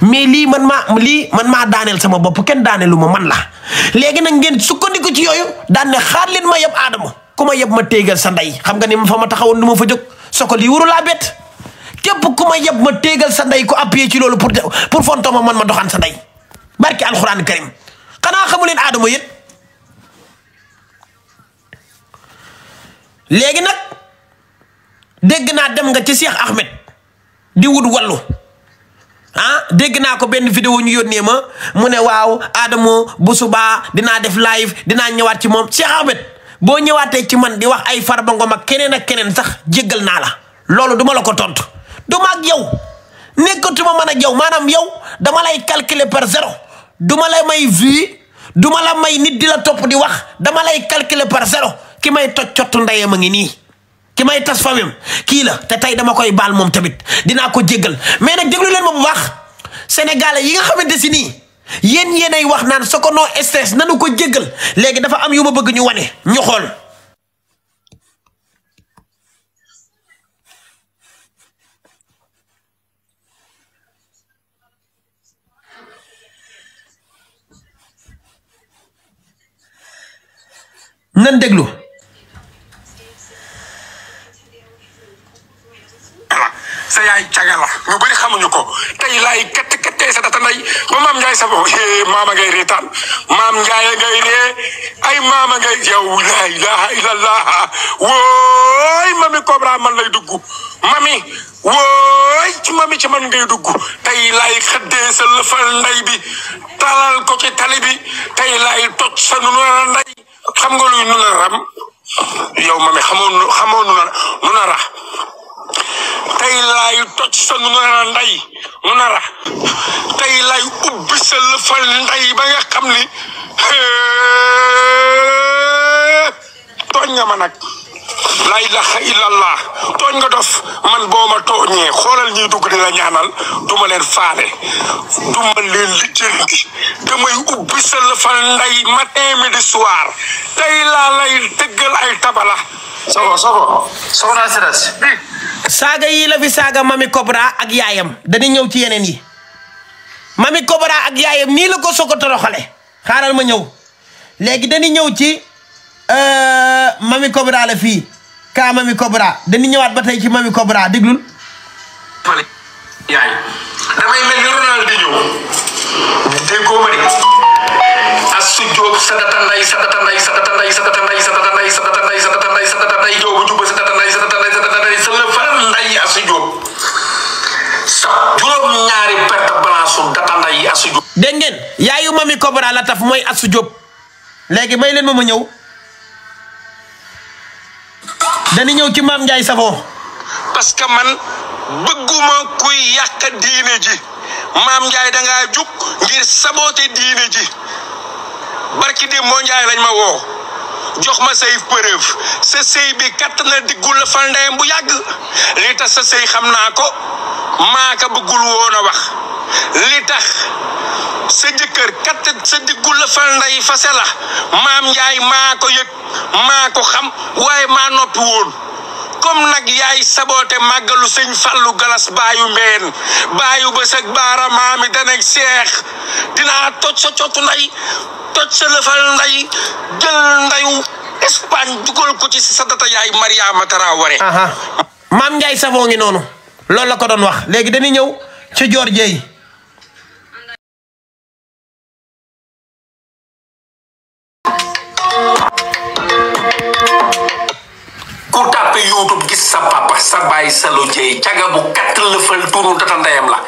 mais lii man ma lii man maa daaneel sama bopp kenn daaneelu ma man la léegi nag ngeen sukkandiku ci yooyu daan xaar leen ma yeb aadama ku ma yeb ma téegal sa ndey xam nga ni ma fa ma taxawoon du ma fa jóg sokol yi waru laa bett ku ma yeb ma téegal sa ndey ko appuyé ci loolu pour pour fonto ma man ma doxaan sa ndey barki alxuraan karim xanaa xamu leen aadama yéen léegi nag dégg naa dem nga ci Cheikh Ahmed di wut wallu ah dégg naa ko benn vidéo ñu yónnee ma mu ne waaw Adamo bu subaa dinaa def live dinaa ñëwaat ci moom Cheikh Ahmed boo ñëwaatee ci man di wax ay Farba Ngom ak keneen ak keneen sax jéggal naa la loolu duma la ko tontu du ma ak yow nekkatuma man ak yow maanaam yow dama lay calculer par zéro duma la may vie duma la may nit di la topp di wax dama lay calculer par zéro ki may toj cottu ndeyam a ngi nii ki may tas famem kii la te tey dama koy baal moom tamit dinaa ko jéggal mais nag déglu leen moom bu baax sénégalais yi nga xamante si nii yéen yéenay wax naan Sokono stress nanu ko jéggal léegi dafa am yu ma bëgg ñu wane ñu xool. nan déglu. sa yaay caga la ñu xamuñu ko tey laay kat kattee sa data nday ba maam Ndiaye sa bopp maama ngay reetaan maam Ndiaye ngay ree ay maam ngay yow la ilaha illallah wooy mami Cobra man lay dugg mami wooy ci mami ci man ngay dugg tey laay xëddee sa lëfal nday bi talal ko ci tali bi tey laay toj sa nunu la nday xam nga luy nuna ram yow mami xamoo xamoo nuna nuna rax tey laay toj sa nu nara nday nu nara tey laay lëfal nday ba nga xam ni tooñ nga ma nag la ilaha illallah tooñ nga dof man boo ma tooñee xoolal ñuy dugg di la ñaanal duma leen faale duma leen lijjanti damay ubbi sa la nday matin midi soir tey laa lay tëggal ay tabala sobo sobo soxna saaga yi la fi saaga mami Cobra ak yaayam dañu ñëw ci yeneen yi mami Cobra ak yaayam nii la ko soo ko toroxale xaaral ma ñëw léegi dañu ñëw ci mami Cobra la fii kaa mami Cobra dañu ñëwaat ba tey ci mami Cobra déglul. de asu Jóob sadata nday sadata nday sadata nday sadata nday sadata nday sadata nday sadata nday sadata sa la sa juróom ñaari perte balance data nday asu Jóob dégg yaayu mami Cobra la taf mooy asu Jóob léegi may leen ma ma ñëw dañu ñëw ci maam Ndiaye Savon. parce que man bëgguma kuy yàq diine ji maam Ndiaye danga ngaa jug ngir sabote diine ji barki di moo Ndiaye lañ ma woo jox ma say preuve sa sëy bi katt na diggul la ndeyam bu yàgg li tax sa sëy xam naa ko maaka bëggul woon a wax li tax. sa jëkkër kat sa diggu la nday fase la maam njaay maa ko yëg maa xam waaye maa noppi woon comme nag yaay saboote màggalu sëñ fàllu galas baayu mbeen baayu ba sa baara maami danag seex dinaa toj sa cotu nday toj sa lëfal nday jël ndayu Espagne dugal ko ci sa data yaay Mariama Traoré. maam Ndiaye Savon ngi noonu loolu la ko doon wax léegi dañuy ñëw ci Dior Dieye te youtube gis sa papa sa baay sa lu jeey caga bu katt lëfal tuunu tata ndeyam la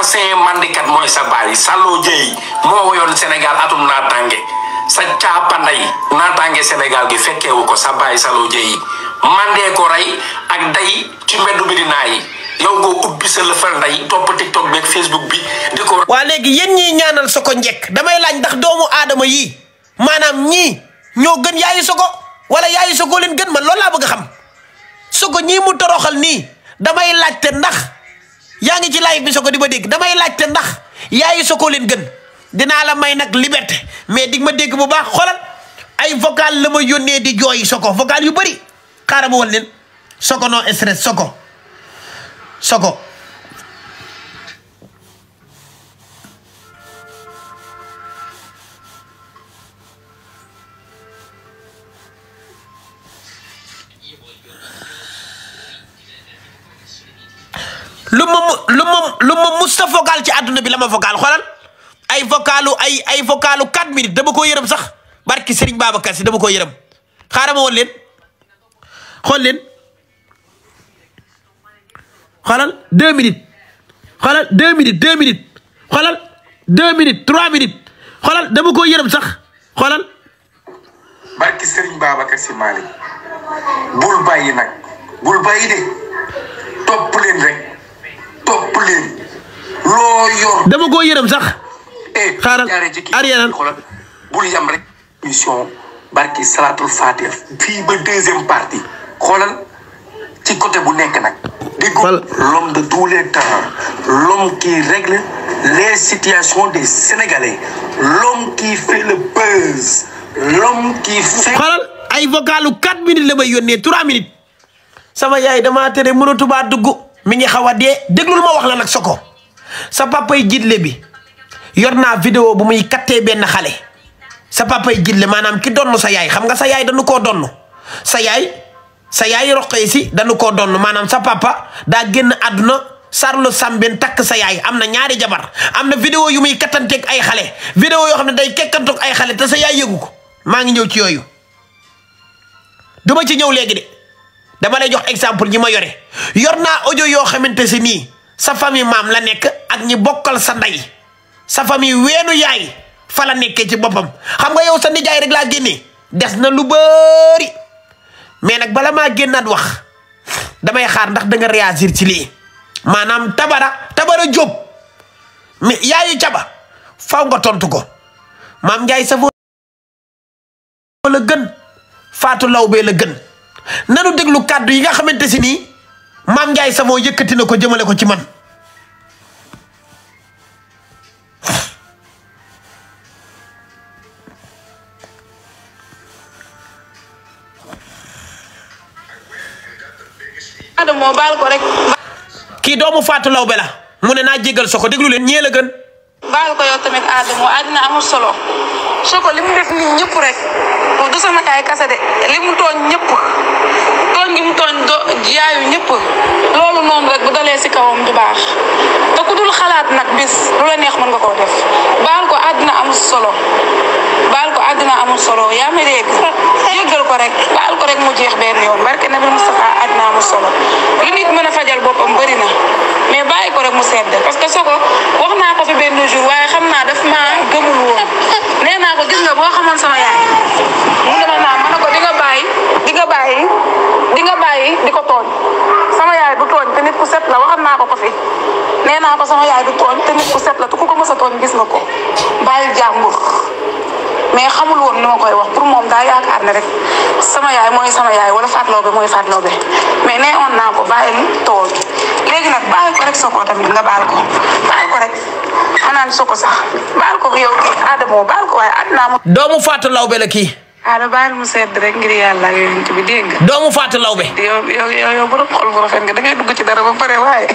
ancien mandikat mooy sa baay sa lu jeey moo woyoon Sénégal atum naataange sa caapanday naataange Sénégal gi fekkewu ko sa baay sa lu jeey mandee ko rey ak day ci mbeddu bi di naa yi yow nga ubbi sa lëfal nday topp tiktok beeg facebook bi di ko waa léegi yéen ñiy ñaanal soko njekk damay laaj ndax doomu aadama yi maanaam ñii ñoo gën yaayu soko wala yaayu soko leen gën man loolu laa bëgg a xam soko ko ñii mu toroxal nii damay laaj laajte ndax yaa ngi ci laay bi soko di ma dégg damay laajte ndax yaay soko leen gën dinaa la may nag liberté mais digg ma dégg bu baax xoolal ay vocal la ma yónnee di jooy soko vocal yu bëri xaaral ma wal leen soko non stress soko soko lu ma lu ma lu ma mus a ci àdduna bi la ma vocal xoolal ay vocalu ay ay vocalu 4 minutes dama koo yërëm sax barki Serigne Babacar si dama ko yërëm xaaral ma woon leen xool leen xoolal 2 minutes xoolal 2 minutes 2 minutes xoolal 2 minutes 3 minutes xoolal dama koo yërëm sax xoolal. barki Serigne Babacar si Malick bul bàyyi nag bul bàyyi de topp rek. topp leen loo yërëm sax. Eh, xaaral arrière bul yam rek mission barki salaatul faatiha fii ba deuxième partie xoolal ci côté bu nekk nag. voilà l'homme de tous les temps l'homme qui règle les situations des Sénégalais l'homme qui fait le buzz l'homme qui fait. xoolal ay vocalu 4 minutes la may yónnee 3 minutes. sama yaay damaa tere mënatu baa dugg. mi ngi xaw a dee déglul ma wax la nag Soko sa papay jiitle bi yor naa video bu muy kattee benn xale sa papay jiitle maanaam ki donn sa yaay xam nga sa yaay danu koo donn sa yaay sa yaay roqee si dañu koo donn maanaam sa papa daa génn àdduna sarlo sàmbeen takk sa yaay am na ñaari jabar am na vidéo yu muy kattanteeg ay xale vidéo yoo xam ne day kekkantoog ay xale te sa yaay yëgu ko maa ngi ñëw ci yooyu duma ci ñëw léegi de dama lay jox exemple ñi ma yore yor naa ojo yoo xamante si nii sa famille maam la nekk ak ñi bokkal sa nday sa famille weenu yaay fa la nekkee ci boppam xam nga yow sa nijaay rek laa génnee des na lu bëri mais nag bala maa génnaat wax damay xaar ndax da nga réagir ci lii maanaam tabara tabara jóob mais yaayu caba faw nga tontu ko maam njaay safoo la gën faatu law la gën nanu déglu kàddu yi nga xamante si nii maam Ndiaye Savon yëkkati ko jëmale ko ci man Adamo baal ko rek. kii doomu Fatou Lawbe la mu ne naa jégal soko déglu leen ñee la gën. baal ko yow tamit Adamo àddina solo soko li mu def nii ñëpp rek. du sama kaay kase de li mu tooñ ñëpp tooñ gi mu tooñ do jaayu ñëpp loolu noonu rek bu dalee si kawam du baax te ku dul xalaat nag bis lu la neex mën nga koo def baal ko àddina amul solo baal ko àddina amul solo yaa ma dégg ko rek baal ko rek mu jeex benn yoon barke nabi Mustafa àddina amul solo li nit mën a fajal boppam bëri na mais bàyyi ko rek mu sedd parce que Soko wax naa ko fi benn jour waaye xam naa def maa gëmul woon nee naa ko gis nga boo xam sama yaay mu demal naa ne di ko tooñ sama yaay bu tooñ te nit ku set la waxam naa ko ko fi nee naa ko sama yaay du tooñ te nit ku set la te ku ko a tooñ gis nga ko bàyyi jàmbur. mais xamul woon ni koy wax pour moom daa yaakaar ne rek sama yaay mooy sama yaay wala Fatou Laobé mooy Fatou Laobé mais nee woon naa ko bàyyil tool léegi nag bàyyi ko nga baal ko bàyyi ko rek xanaan Soko sax baal ko yow kii Adama ko waaye Adama mu. doomu Fatou Laobé la kii. Adama baal mu sedd rek ngir yàlla ak yonent bi dégg nga. doomu Fatou Laobé. yow yow yow borom xol bu rafet nga da dugg ci dara ba pare waaye.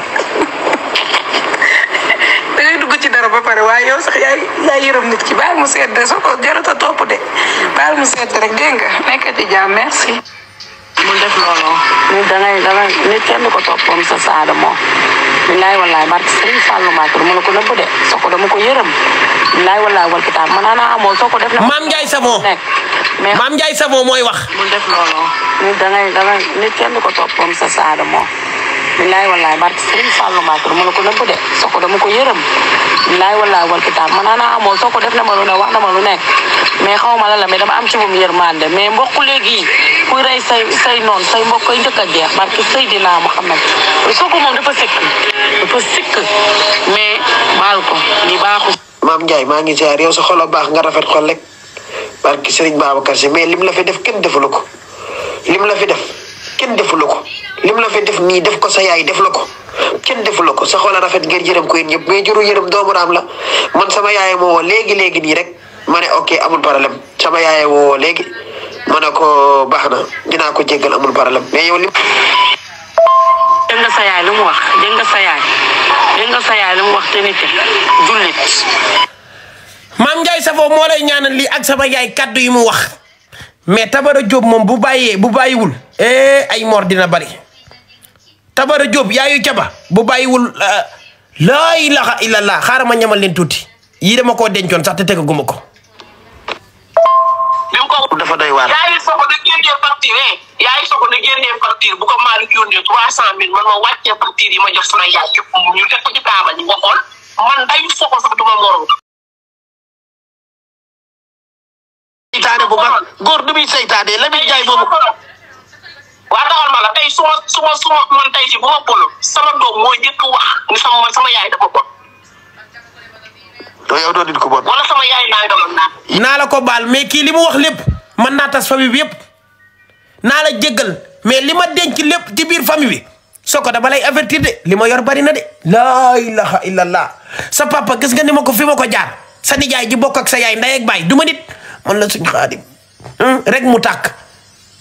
da ngay dugg ci dara ba pare waaye yow sax yaay yaay yërëm nit ki baal mu sedd soo ko jarut a topp de baal mu sedd rek dégg nga nekk ci jàmm merci. mu def loolu nit da ngay da ngay nit kenn ko toppoon sa saada moom. bilaay walaay barke Serigne Fallou Mbacke mu la ko nëbb de soo ko dama ko yërëm bilaay walaay wal kitaab ma naan amoo soo ko def. maam Ndiaye Savon mais maam Ndiaye Savon mooy wax. mu def loolu nit da ngay da ngay nit kenn ko toppoon sa saada moom. billaay wallaay barke Serigne Fallou Mbacke dama a ko nëbb de soo ko dama ko yërëm billaay wallaay wal kitaab man naa amoo soo ko def na ma ne wax na ma lu nekk mais xaw ma la la mais dama am ci moom yërmande mais mbokku léegi kuy rey say noon noonu say mbokk koy njëkk a jeex barke Seydina Muhammad soo ma moom dafa sikk dafa mais baal ko li maam Ndiaye maa ngi ziar yow sa xol baax nga rafet xol rek barke Serigne Babacar si mais lim la fi def kenn defalu ko lim la fi def kenn defula ko lim la def nii def ko sa yaay def la ko kenn defuloo ko sa xol rafet ngeen yërëm ko yéen ñëpp mais juru yërëm doomu raam la man sama yaay moo woo léegi léegi nii rek ma ne ok amul problème sama yaay moo ne ko baax na dinaa ko jéggal amul problème mais yow lim. dégg sa yaay lu mu wax dégg nga sa yaay dégg sa yaay lu mu wax te nekk jullit. maam Ndiaye Savon moo lay ñaanal lii ak sama yaay kaddu yi mu wax. mais Tabara jóob moom bu bàyyee bu bàyyiwul eh ay mor dina bari Tabara Diop yaayu jaba bu bàyyiwul eh, laa ilaha illallah xaaral ma ñamal leen tuuti yii dama dencoon sax te tegaguma ko. li mu ko dafa doy waar. yaayu soxna génnee facture eh, yaayu soxna seytaane bu mag góor du muy seytaane Lamine Ndiaye moomu. waa taxal sama sama sama yaay dafa bon. yow doo nit ku bon. naa la ko baal mais kii li mu wax lépp mën naa tas famille bi naa la jéggal mais li ma denc lépp ci biir famille bi soo ko dama lay avertir de li ma yor bari na de. laa ilaha sa papa gis nga ni ko fi ma ko jaar sa nijaay ji bokk ak sa yaay ndey ak baay du man la suñ xaadim rek mu takk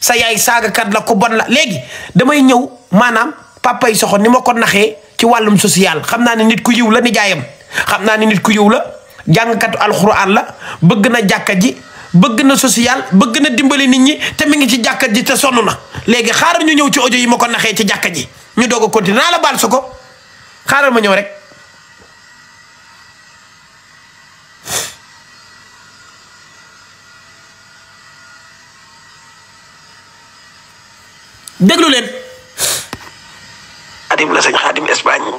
sa yaay saagakat la ku bon la léegi damay ñëw maanaam papa yi soxo ni ma ko naxee ci wàllum social xam naa ne nit ku yiw la nijaayam xam naa ne nit ku yiw la jàngkatu alxuraan la bëgg na jàkka ji bëgg na social bëgg na dimbali nit ñi te mi ngi ci jàkka ji te sonn na léegi xaaral ñu ñëw ci audio yi ma ko naxee ci jàkka ji ñu doog a continuer naa la baal sa ko xaaral ma ñëw rek. déglu leen. xaadim la sëñ xaadim Espagne.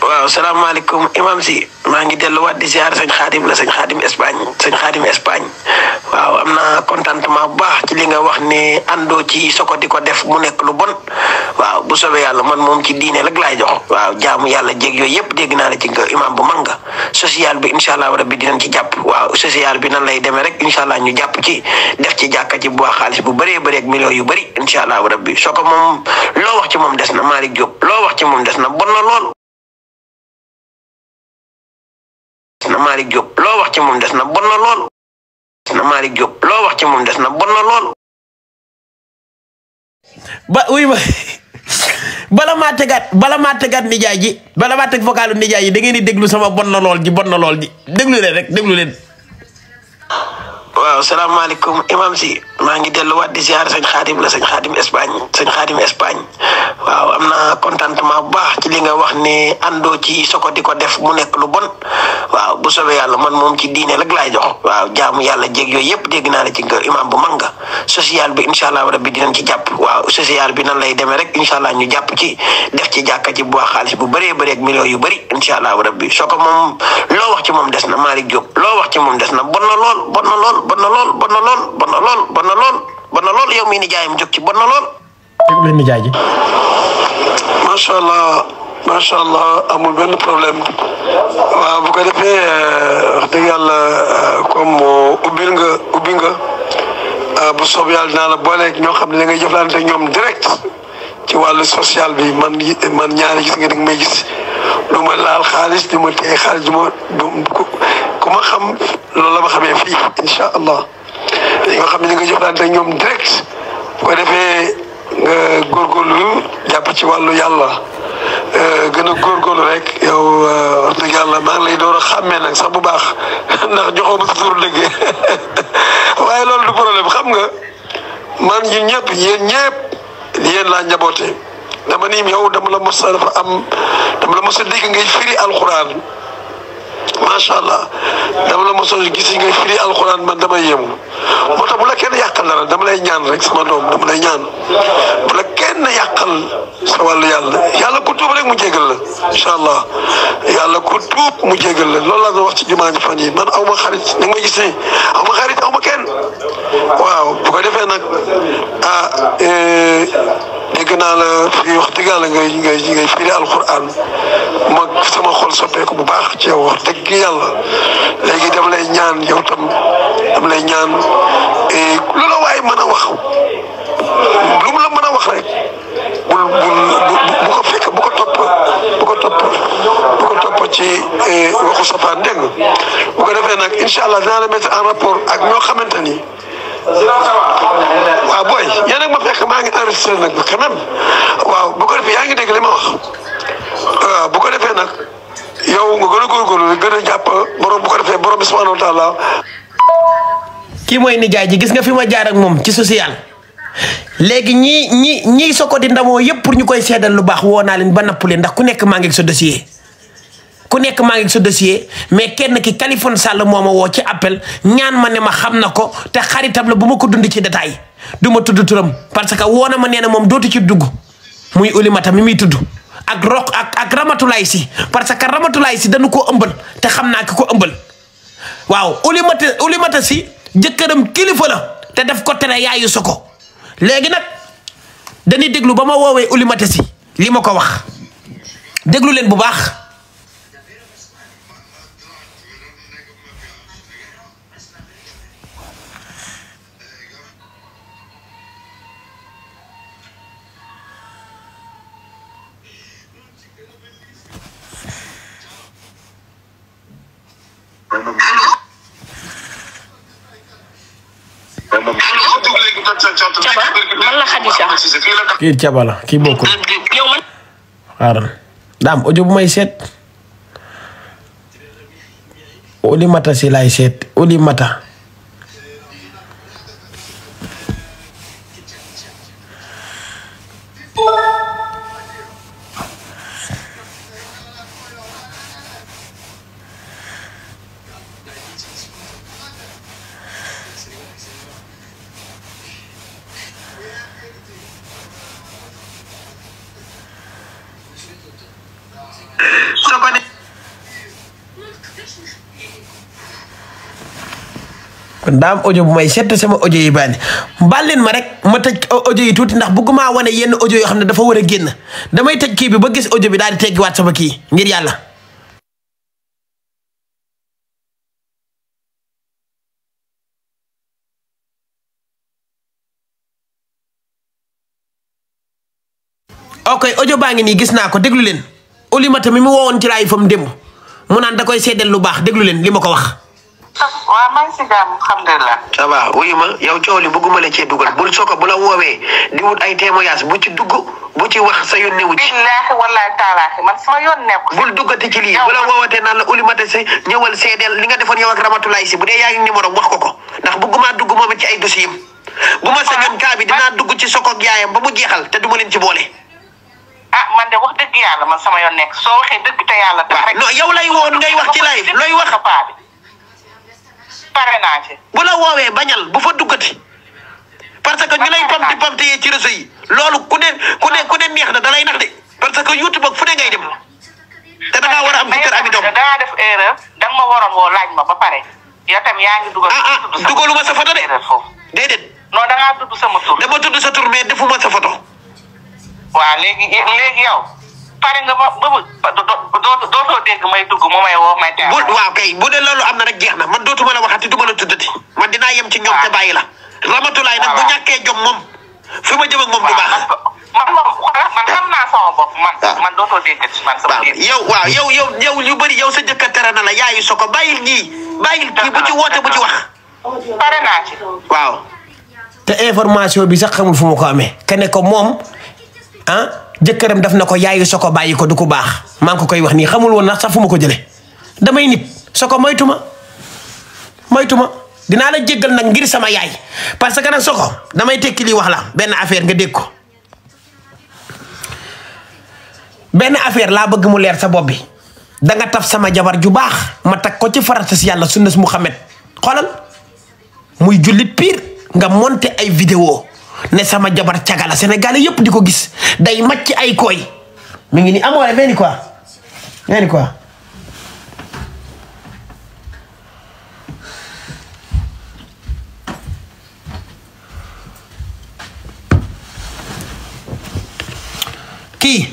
waaw salaamaaleykum imam si maa ngi delluwaat di ziar sëñ xaadim la sëñ xaadim Espagne sëñ xaadim Espagne waaw am na contentement bu baax ci li nga wax ne àndoo ci soko di ko def mu nekk lu bon waaw bu soobee yàlla man moom ci diine lag laay jox. waaw jaamu yàlla jéeg yooyu yëpp dégg naa la ci nga imam bu mag nga social bi incha allah rabbi dinañ ci jàpp waaw social bi nan lay demee rek incha allah ñu jàpp ci def ci jàkka ci bu xaalis bu bëree bëree ak millions yu bëri incha allah bi soo ko moom loo wax ci moom des na Malick Diop loo wax ci moom des na bon na lool. Malick loo wax ci moom des na bon na lool. na Malick loo wax ci moom des na bon na lool. ba oui ma bala maa tegaat bala maa tegaat nijaay ji bala maa teg vocalu nijaay ji da ngeen di déglu sama bon na lool ji bon na lool ji déglu leen rek déglu leen. waaw salaamaaleykum imam si. maa ngi delluwaat di ziar sëñ xaadim la sëñ xaadim Espagne sëñ xaadim Espagne waaw am na contentement bu baax ci li nga wax ni àndoo ci soko di ko def mu nekk lu bon waaw bu soobee yàlla man moom ci diine rek laay jox waaw jaamu yàlla jéeg yooyu yëpp dégg naa la ci nga imam bu mag nga social bi incha allah rabbi dinañ ci jàpp waaw social bi nan lay demee rek incha allah ñu jàpp ci def ci jàkka ci bu baax xaalis bu bëree bëree ak millions yu bëri incha allah rabbi soko moom loo wax ci moom des na Malick Diop loo wax ci moom des na bon na na lool bon na lool yow mii nijaayam ci bon na lool. déglu ji. macha allah macha allah amul benn problème waaw bu ko defee euh, wax dëgg yàlla euh, comme euh, ubbil nga ubbi nga bu soob dinaa la booleeg ñoo xam ne da ngay jëflante ñoom direct ci wàllu social bi man man ñaari gis nga da nga may ma laal xaalis di ma téye xaalis du ma du ma xam loolu la ma xamee fii incha allah. yi nga xam ne ñu ngi jëflante ñoom direct bu ko defee nga góorgóorlu jàpp ci wàllu yàlla euh, gën a góorgóorlu rek yow euh, wax dëgg yàlla maa ngi lay door a xàmmee nag sax bu baax ndax joxoo ma sa tur waaye loolu du problème xam nga man ñun ñëpp yéen ñëpp yéen laa njaboote dama ni yow dama la mos a dafa am dama la mos a dégg ngay firi alxuraan. macha allah dama la mos a gis nga firi alxuraan man dama yéemu moo tax bu la kenn yàqal dara dama lay ñaan rek sama doom dama lay ñaan bu la kenn yàqal sa wàllu yàlla yàlla ku tuub rek mu jégal la incha allah yàlla ku tuub mu jégal la loolu laa doon wax ci jumaa ji fan yi man aw ma xarit ni nga ma gis nii aw ma xarit aw kenn waaw bu ko defee nag ah. Eh, dégg naa la fii wax dëgg yàlla ngay ngay ngay firi alquran ma sama xol soppeeku bu baax ci yow wax dëgg yàlla léegi dam lay ñaan yow tam dam lay ñaan eh, lu la waay mën a wax lu mu la mën a wax rek bul bu ko topp bu ko topp bu ko topp ci eh, waxu safaan dégg bu defee nag incha allah dinaa la mettre en rapport ak ñoo xamante ni. waaw booy yéen nag ma fekk maa ngi enregistré nag quand même waaw bu ko defee yaa ngi dégg li ma wax waaw bu ko defee nag yow nga gën a góorgóorlu gën a jàpp borom bu ko defee borom bi subhanahu wa taala kii mooy nijaay ji gis nga fi ma jaar ak moom ci social léegi ñii ñi ñii soko di ndamoo yëpp pour ñu koy seedal lu baax woo naa leen ba napp leen ndax ku nekk maa ngi ak sa dossier ku nekk maa ngi sa dossier mais kenn ki kalifon Sall moo ma woo ci appel ñaan ma ne ma xam na ko te xaritam la bu ma ko dund ci détail du ma tudd turam parce que woo na ma nee na moom dootu ci dugg muy Oulimata mi muy tudd ak roq ak ak Ramatulaay si parce que Ramatulaay si dañu ko ëmbal te xam naa ki ko ëmbal waaw Oulimata Oulimata si jëkkëram kilifa la te def ko tere yaayu sa ko léegi nag danuy déglu ba ma woowee Oulimata si li ma ko wax déglu leen bu baax. man la Khadija. kii Thiaba la kii bokkul. xaaral daam seet. Oulimata si laay seet Oulimata. daam ojo bu may seet sama ojo yi bañ baal leen ma rek ma tëj ojo yi tuuti ndax maa wane yenn audio yoo xam ne dafa war a génn damay tëj kii bi ba gis ojo bi daal di teggiwaat sama kii ngir yàlla. ok audio baa ngi nii gis naa ko déglu leen Oulimata mi mu woowoon ci laay fam démb mu naan da koy seedeel lu baax déglu leen li ma ko wax. waaw maa ngi si jàmm alhamdulilah. ça va yow coow li bëgguma la cee dugal bul soo ko bu la woowee di wut ay témoignage bu ci dugg bu ci wax sa yónnee wu ci. billaahi wallaahi taalaahi man sama yoon nekk. bul duggati ci lii bu la woowatee naan la ma ulimate si ñëwal seedeel li nga defoon yow ak Ramatoulaye si bu dee yaa ngi numéro wax ko ko ndax bëgguma dugg moom it ci ay dossier am. bu ma sañoon kaa bi dinaa dugg ci soko ak yaayam ba mu jeexal te duma leen ci boole. ah man de wax dëgg yàlla man sama yoon nekk soo waxee dëgg te yàlla. tax yow lay woon ngay wax ci live looy wax pare naa ci. bu la woowee bañal bu fa duggati. parce que ñu pamti pamti yee ci réseau yi. loolu ku ne ku ne ku ne neex na da lay nax de parce que youtube fu ne ngay dem. te da ngaa war a am jëkkër ami doom. da ngaa def erreur da nga ma waroon woo laaj ma ba pare. yow tam yaa ngi dugal. ah ah dugaluma sa photo de. déedéet. non da ngaa tudd sama tur. dama tudd sa tur mais defuma sa photo. waaw léegi léegi yow pare nga ba ba dootoo dootoo dégg may dugg mu may woo waaw kay bu dee loolu am na rek jeex na man dootuma la waxati du ma a tuddati man dinaa yem ci ñoom te bàyyi la. ramatulaay nag bu ñàkkee jom moom fi ma jëm ak moom du baax. man man xam naa sama man. Ah. man dootoo déggati yow waaw yow yow yow yu bëri yow sa jëkkër tere na la yaayu soko bàyyil ñii bàyyil kii bu ci woote bu ci wax. pare naa ci. waaw. te information bi sax xamul fu mu ko amee. kene ko moom ah. jëkkëram def na ko yaayu soko bàyyi ko du baax maa ngi ko koy wax nii xamul woon sax fu ma ko jëlee damay nit soko moytu ma moytuma dinaa la jéggal nag ngir sama yaay parce que nag soko damay tekki lii wax la benn affaire nga dégg ko benn affaire laa bëgg mu leer sa bopp bi danga nga taf sama jabar ju baax ma tag ko ci farata si yàlla sunnas Muhammad xoolal muy jullit pire nga monter ay vidéo ne sama jabar cagala Sénégal yëpp di ko gis day màcc ay koy mi ngi ni amoore mel ni quoi mel ko kii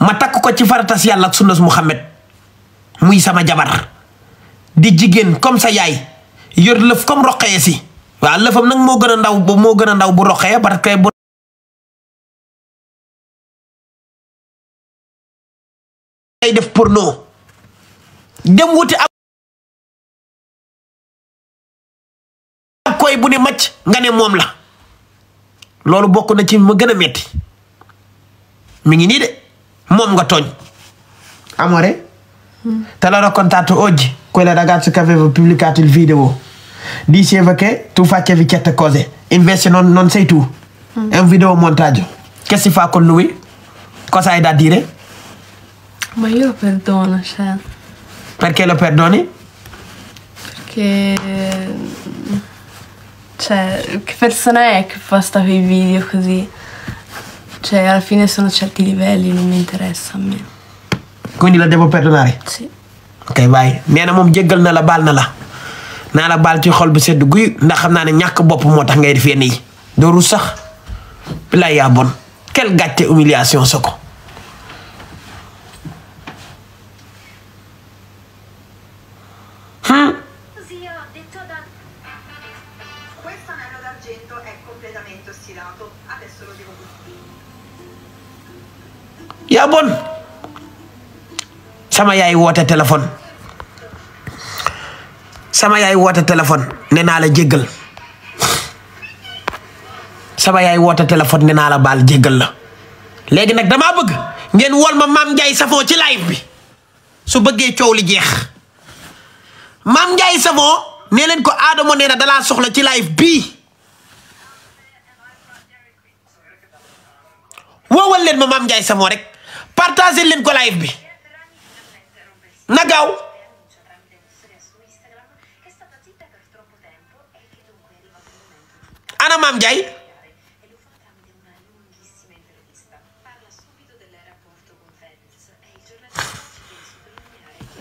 ma takk ko ci faratas yàlla ak sunnas Muhammad muy sama jabar di jigéen comme sa yaay yor lëf comme roqee si waaw lëfam nag moo gën a ndaw moo gën a ndaw bu roxee parce que bu koy bu ne macc nga ne moom la loolu bokk na ci ma gën a metti mu ngi nii de moom nga tooñ amore hmm. te la raccontato oggi quella ragazza che aveva pubblicato il video diceva che tu facevi certe cose invece non, non tu mm. è un videomontaggio che si fa con cosa hai da dire ma io lo perdono cioè perché lo perdoni perché che persona è che posta quei video così cioè alla fine sono certi livelli non mi a me quindi la devo perdonare ok vai nee na moom jéggal na la baal na la naa la baal ci xol bu sedd guy ndax xam naa ne ñàkk bopp moo tax ngay def yenn yi doo sax bilaay yaa bon quelle gàcce humiliation hmm? sama yaay woote téléphone sama yaay woote téléphone ne naa la jéggal sama yaay woote téléphone ne naa la baal jéggal la léegi nag damaa bëgg ngeen wol ma maam Ndiaye Savon ci live bi su bëggee coow li jeex maam Ndiaye Savon nee leen ko Adamo ne na dalaa soxla ci live bii woowal leen ma maam Ndiaye Savon rek partager leen ko live bi na gaaw ana maam Ndiaye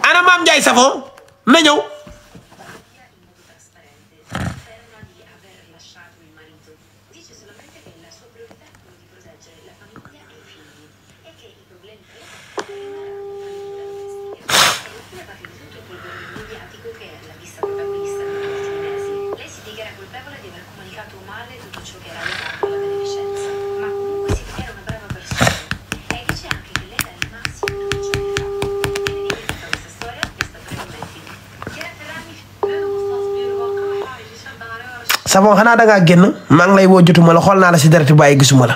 ana maam Ndiaye Savon na sama xanaa da génn man lay woo jotuma la xool naa la si deret bàyyi gisuma la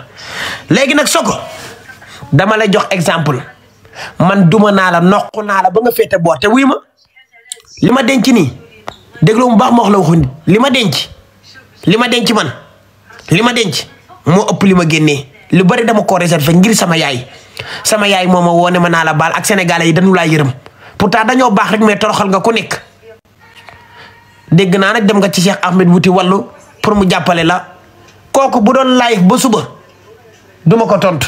léegi nag soko dama la jox exemple man duma naa la noq naa la ba nga féete boor te wuy ma li ma denc nii dégloo mu baax la waxu li ma denc li ma denc man li ma denc moo ëpp li ma génnee lu bari dama ko réservé ngir sama yaay sama yaay moom ma woone ma naa la baal ak sénégalais yi dañu laa yërëm pourtant dañoo baax rek mais toroxal nga ku nekk. dégg naa nag dem nga ci Cheikh Ahmed wuti wàllu pour mu jàppale la kooku bu doon live ba suba duma ko tontu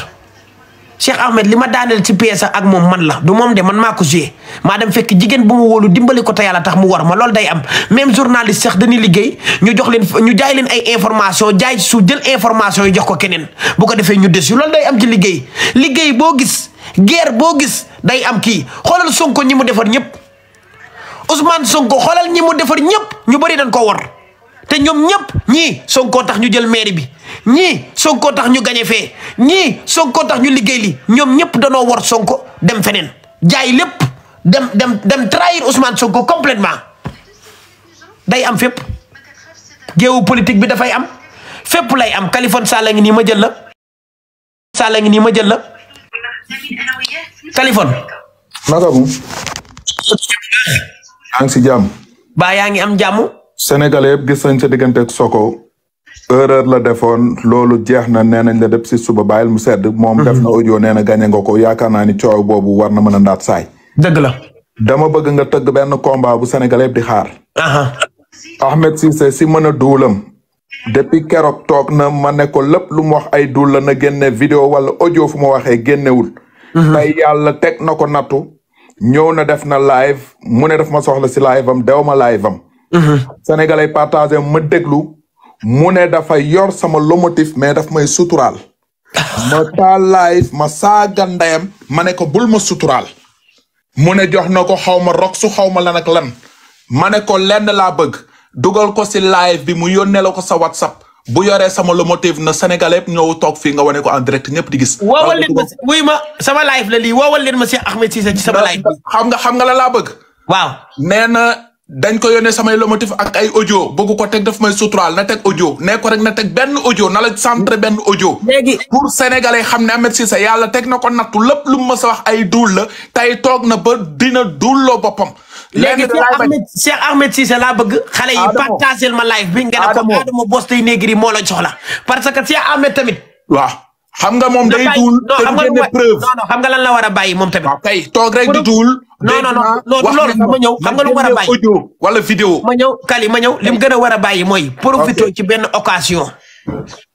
Cheikh Ahmed li ma daaneel ci pièce ak moom man la du moom de man maa ko joué maa dem fekk jigéen bu mu wóolu dimbali ko te yàlla tax mu war ma lool day am même journaliste sax dañuy liggéey ñu jox leen ñu jaay leen ay information jaay su jël information yi jox ko keneen bu ko defee ñu des yu loolu day am ci liggéey liggéey boo gis guerre boo gis day am kii xoolal Sonko ñi mu defar ñëpp Ousmane Sonko xoolal ñi mu defar ñëpp ñu bari dañ ko war te ñoom ñëpp ñi Sonko tax ñu jël mairie bi ñii Sonko tax ñu gañe fee ñi Sonko tax ñu liggéey li ñoom ñëpp danoo war Sonko dem feneen jaay lépp dem dem dem trahir Ousmane Sonko complètement day am fépp géewu politique bi dafay am fépp lay am Kalifon Sall ngi nii ma jël la nii ma jël la Kalifon. yaa ngi si jàmm. baa yaa ngi am jàmm. Sénégalais yëpp gis nañ sa diggante ak Soko. la defoon loolu jeex na nee nañ la def si suba bàyyil mu sedd. moom def na ojo mhm. nee na gagné nga ko yaakaar naa ni coow boobu war na mën a ndaat saay. dëgg la. dama bëgg nga tëgg benn combat bu Sénégalais yëpp di xaar. Ahmed Cissé si mën a duulam. depuis keroog toog na ma ne ko lépp lu mu wax ay duul la na génne vidéo wala ojo fu ma waxee génnewul. Mhm. tey yàlla teg na ko nattu. ñëw na def na live mu ne daf ma soxla si live am dew ma live am. Mhm. Sénégalais partagé ma déglu mu ne dafa yor sama lomotif mais daf may sutural ma taa live ma saaga ndeyam ma ne ko bul ma suturaal. mu ne jox na ko xawma ma rok su xaw ma lan ak lan. ma ne ko lenn laa bëgg dugal ko si live bi mu yónnee la ko sa whatsapp. bu yoree sama lomotif na Sénégalais yëpp ñëw toog fii nga wane ko en direct ñëpp di gis. woowal leen ma wuy ma sama live la lii woowal leen ma si Ahmed Cissé ci sama live xam nga xam nga la laa bëgg. waaw nee na dañ ko yónnee samay lomotif ak ay audio bëgg ko teg daf may suturaal na teg audio nee ko rek na teg benn audio na la centre benn audio. léegi pour sénégalais xam ne Ahmed Cissé yàlla teg na ko nattu lépp lu mu mës a wax ay duul la tey toog na ba dina duulloo boppam. léegi Cheikh Ahmed Cheikh Ahmed laa bëgg xale yi partagel ma live bi nga ne ko Adamo Bostey Negri moo la soxla parce que Cheikh Ahmed tamit waaw xam nga moom day duul te du génne preuve non xam nga lan la war a bàyyi moom tamit kay toog rek di duul non non non loolu ma ñëw xam nga lu war a bàyyi audio wala vidéo ma ñëw kali ma ñëw li mu gën a war a bàyyi mooy profité ci benn occasion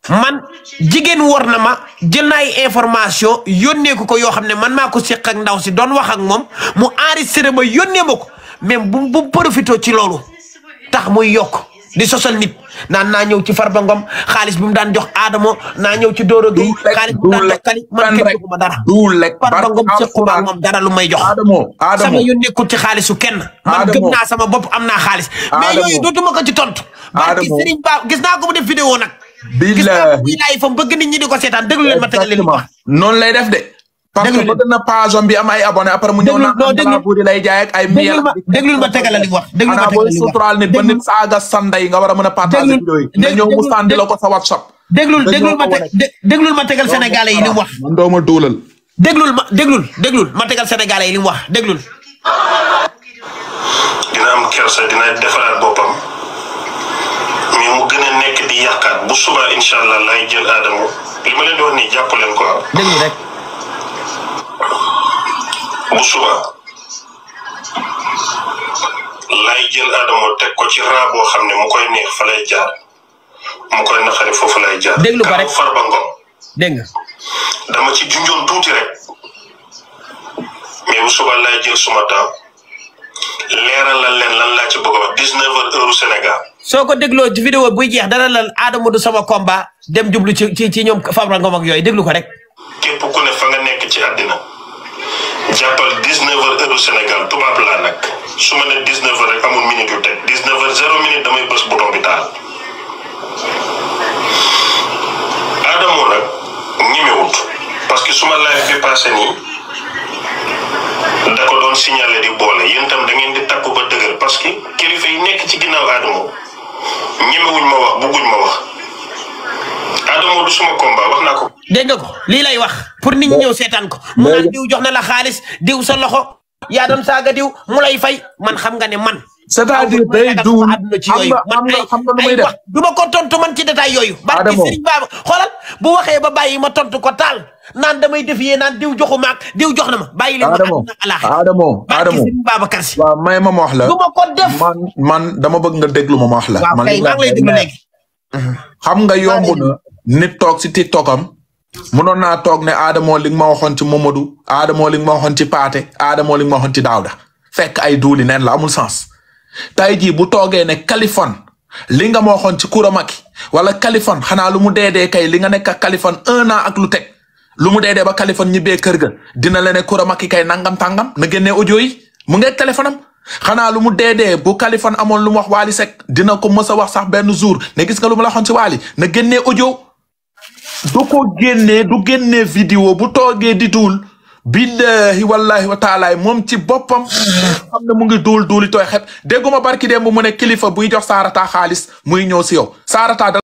man jigéen wor na ma jël naa ay information yónnee ko ko yoo xam ne man maa ko séq ak ndaw si doon wax ak moom mu enregistré ma yónnee ma ko mais bu bu profité ci loolu tax muy yokk di sosal nit naan naa ñëw ci Farba Ngom xaalis bi mu daan jox Adamo naa ñëw ci Doro Gueye xaalis bi mu daan jox Kali man kenn joxuma dara Farba Ngom sequma moom dara lu may jox sama yu nekkul ci xaalisu ken man gëm naa sama bopp am naa xaalis mais yooyu dootuma ko ci tontu barki Serigne gis naa ko mu def vidéo nag gis naa ko muy laay bëgg ni ñi di ko seetaan déglu leen ma tegal leen noonu lay def de parce que bëgg na page am bi am ay abonné après mu ñëw naan buuri lay jaay ak ay miel déglul ma tegal li wax déglul ma tegal li wax xanaa booy suturaal nit ba nit saaga sanday nga war a mën a partager vidéo yi nga ñëw mu sànni la ko sa whatsapp déglul déglul ma déglul ma tegal sénégalais yi li mu wax man doo ma duulal déglul ma déglul déglul ma tegal sénégalais yi li mu wax déglul dina am kersa dina defaraat boppam mais mu gën a nekk di yàqaat bu subaa incha allah laay jël aadama li ma leen di wax nii jàpp leen ko déglu rek bu suba lay jël Adama teg ko ci raa boo xam ne mu koy neex fa lay jaar mu koy naqari foofu lay jaar. déglu rek Farba Ngom. dégg nga. dama ci junjoon tuuti rek mais bu lay jël suma temps leeral la leen lan laa ci bëgg a wax dix-neuf soo ko dégloo ci vidéo buy jeex dana lan Adama du sama combat dem jublu ci ci ci ñoom Farba Ngom ak yooyu déglu ko rek. képp ku ne fa nga nekk ci àddina. jàppal dix neuf heures heure Sénégal tubaab laa nag su ma ne dix rek amul minute yu teg dix neuf heures zéro minute damay bës bouton bi taal. Adamo nag ñemewut parce que su ma live bi passé nii da ko doon signaler di boole yéen tam da ngeen di takku ba dëgër parce que kilifa yi nekk ci ginnaaw Adamo ñemewuñ ma wax bugguñ ma wax. Adama ko. dégg nga ko lii lay wax pour nit ñi ñëw seetaan ko mu naan diw jox na la xaalis diw sa loxo yaa doon saaga diw mu lay fay man xam nga ne man. c'est-à-dire day duul am na xam nga may def du ma ko tontu man ci détail yooyu. barki Serigne Baba xoolal bu waxee ba bàyyi ma tontu ko taal naan damay def yee naan diw joxu maak diw jox na ma bàyyi leen ma. Adamo Adamo barki Serigne Babacar Si. waaw may ma ma wax la du ko def man dama bëgg nga déglu ma ma wax la. man nga xam xam nga yomb nit toog si tiktokam mënoon naa toog ne aadamoo li ma waxoon ci Momadou aadamoo li nga ma waxoon ci Paate aadamoo li nga ma waxoon ci fekk ay duuli neen la amul sens tey jii bu toogee ne Kaliphone li nga ma waxoon ci Kouramaki wala Kaliphone xanaa lu mu deedee kay li nga nekk ak Kaliphone un ak lu teg lu mu deedee ba kalifon ñibbee kër ga dina la ne Kouramaki kay nangam tàngam na génnee audio mu ngi téléphone am xanaa lu mu deedee bu Kaliphone amoon lu mu wax Waly Seck dina ko mës a wax sax benn jour ne gis nga lu mu la ci Waly na génnee audio du ko génnee du génnee vidéo bu toogee di duul billahi wallahi wa taalaay moom ci boppam xam ne mu ngi duul duuli tooy xet dégguma barki démb mu ne kilifa buy jox saarataa xaalis muy ñëw si yow saarataa